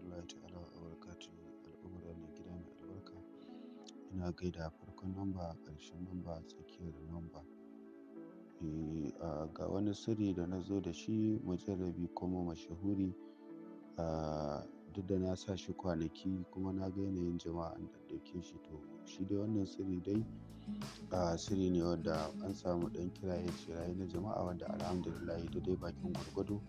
rahmatullahi ta'ala wa barakatuhu al'umma mai gida mai albarka ina gaida farkon namba ƙarshen namba tsakiyar namba eh, ga wani sirri da na zo da shi mujarrabi kuma mashahuri a duk da na sa shi kwanaki kuma na ga yanayin jama'a an ɗauke shi to shi dai wannan sirri dai a sirri ne wanda an samu ɗan kiraye kiraye na jama'a wanda alhamdulillah da dai bakin gwargwado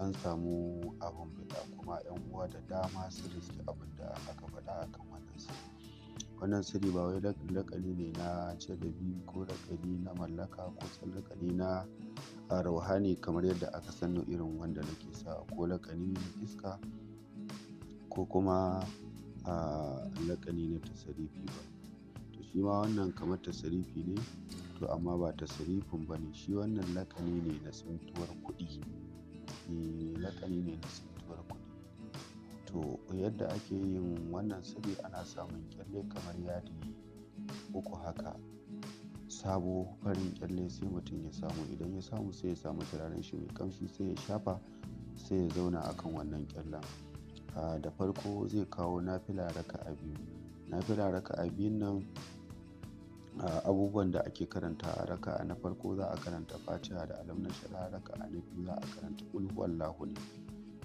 an samu abin fita kuma 'yan uwa da dama sun riski abin da aka faɗa akan wannan sirri wannan sirri ba wai lakali ne na jadabi ko lakani na mallaka ko lakani na ruhani kamar yadda aka sani irin wanda nake sa ko lakali na iska ko kuma lakali na tasarifi ba to shi ma wannan kamar tasarifi ne to amma ba tasarifin ba ne shi wannan lakani ne na tsintuwar kuɗi eh ne na tsintuwar kuɗi. To yadda ake yin wannan sirri ana samun kyalle kamar yadi uku haka sabo farin kyalle sai mutum ya samu idan ya samu sai ya samu turaren shi mai ƙamshi sai ya shafa sai ya zauna akan wannan kyallen ah, da farko zai kawo nafila raka'a biyu nafila raka'a biyun nan abubuwan da ake karanta a raka'a na farko za a karanta fatiha da alam na shara raka'a na biyu za a karanta ulhuwallahu ne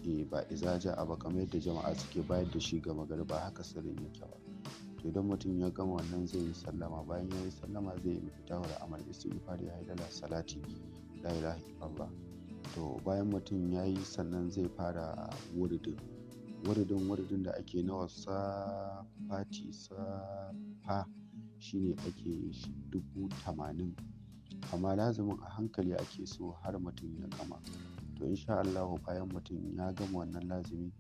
eh ba izaja a ba kamar yadda jama'a suke bayar da shi ga magariba haka sirrin yake ba to idan mutum ya gama wannan zai yi sallama bayan ya yi sallama zai yi mafita wa amal istighfar ya yi salati la ilaha illallah to bayan mutum ya yi sannan zai fara wuridin wuridin wuridin da ake na wasa fati safa ne ake yin shi dubu tamanin amma lazumin a hankali ake so har mutum ya gama to insha Allah bayan mutum ya gama wannan lazumi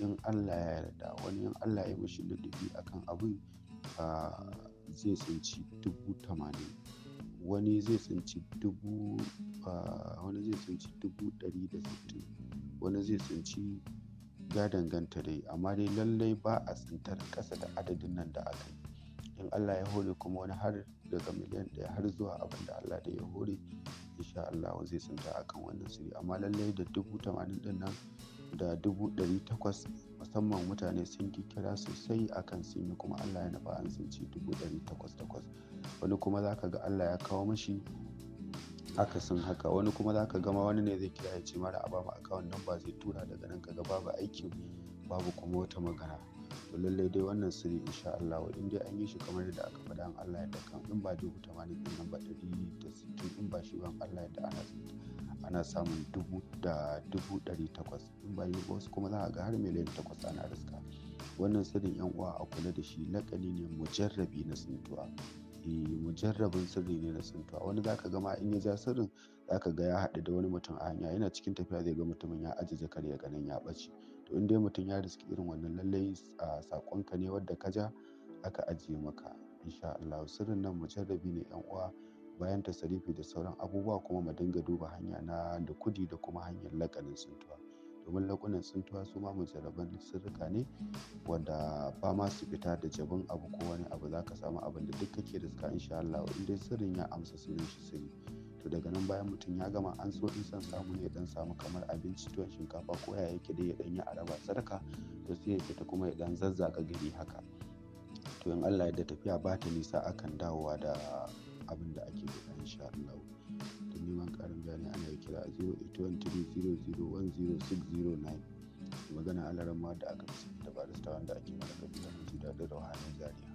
in Allah ya yarda wani in Allah ya mishi ladabi akan abin zai tsinci dubu tamanin wani zai tsinci dubu wani zai tsinci dubu ɗari da sittin wani zai tsinci ya danganta dai amma dai lallai ba a tsintar ƙasa da adadin nan da aka yi Allah ya hore kuma wani har daga miliyan ɗaya har zuwa abin da Allah da ya hore insha Allah zai tsinta akan wannan siri amma lallai da dubu tamanin ɗin nan da dubu ɗari takwas musamman mutane sun kira sosai akan sun yi kuma Allah ya nufa an sun dubu ɗari takwas takwas wani kuma za ka ga Allah ya kawo mashi sun haka wani kuma za ka gama wani ne zai kira ya ce mara a ba mu akawun nan ba zai tura daga nan ka ga babu aikin babu kuma wata magana to lallai dai wannan sirri insha Allah in dai an yi shi kamar yadda aka faɗa an Allah yadda kan in ba dubu tamanin din nan ba ɗari da sittin in ba shi ban Allah yadda ana ana samun dubu da dubu ɗari takwas in ba yi wasu kuma za a ga har miliyan takwas ana riska wannan sirrin yan uwa a kula da shi lakani ne mujarrabi na tsintuwa eh, mujarrabin sirri ne na tsintuwa wani zaka ga ma in ya ja sirrin zaka ga ya haɗu da wani mutum a hanya yana cikin tafiya zai ga mutumin ya ajiye kar ya ganin ya ɓace To in dai mutum ya riski irin wannan lallai a saƙonka ne wadda ka ja aka ajiye maka insha Allah Sirrin nan mu jarrabi ne 'yan uwa bayan tasarifi da sauran abubuwa kuma mu dinga duba hanya na da kudi da kuma hanyar lakanin tsintuwa. Domin lakunan tsintuwa su ma jarraban sirrika ne wanda ba ma su fita da jabin abu ko wani abu za ka samu abin da duk kake riska insha Allah In dai sirrin ya amsa sunan shi sirri. to daga nan bayan mutum ya gama an so in san samu ne dan samu kamar abinci tuwon shinkafa ko ya yake dai ya dan yi araba sadaka to sai ya fita kuma ya dan zazzaka gari haka to in Allah ya tafiya ba ta nisa akan dawowa da abin da ake da insha Allah don neman karin bayani ana yi kira 0823001069 magana alaran ma da aka fi da barista wanda ake mara da bidan ji daɗin rauhanin zariya.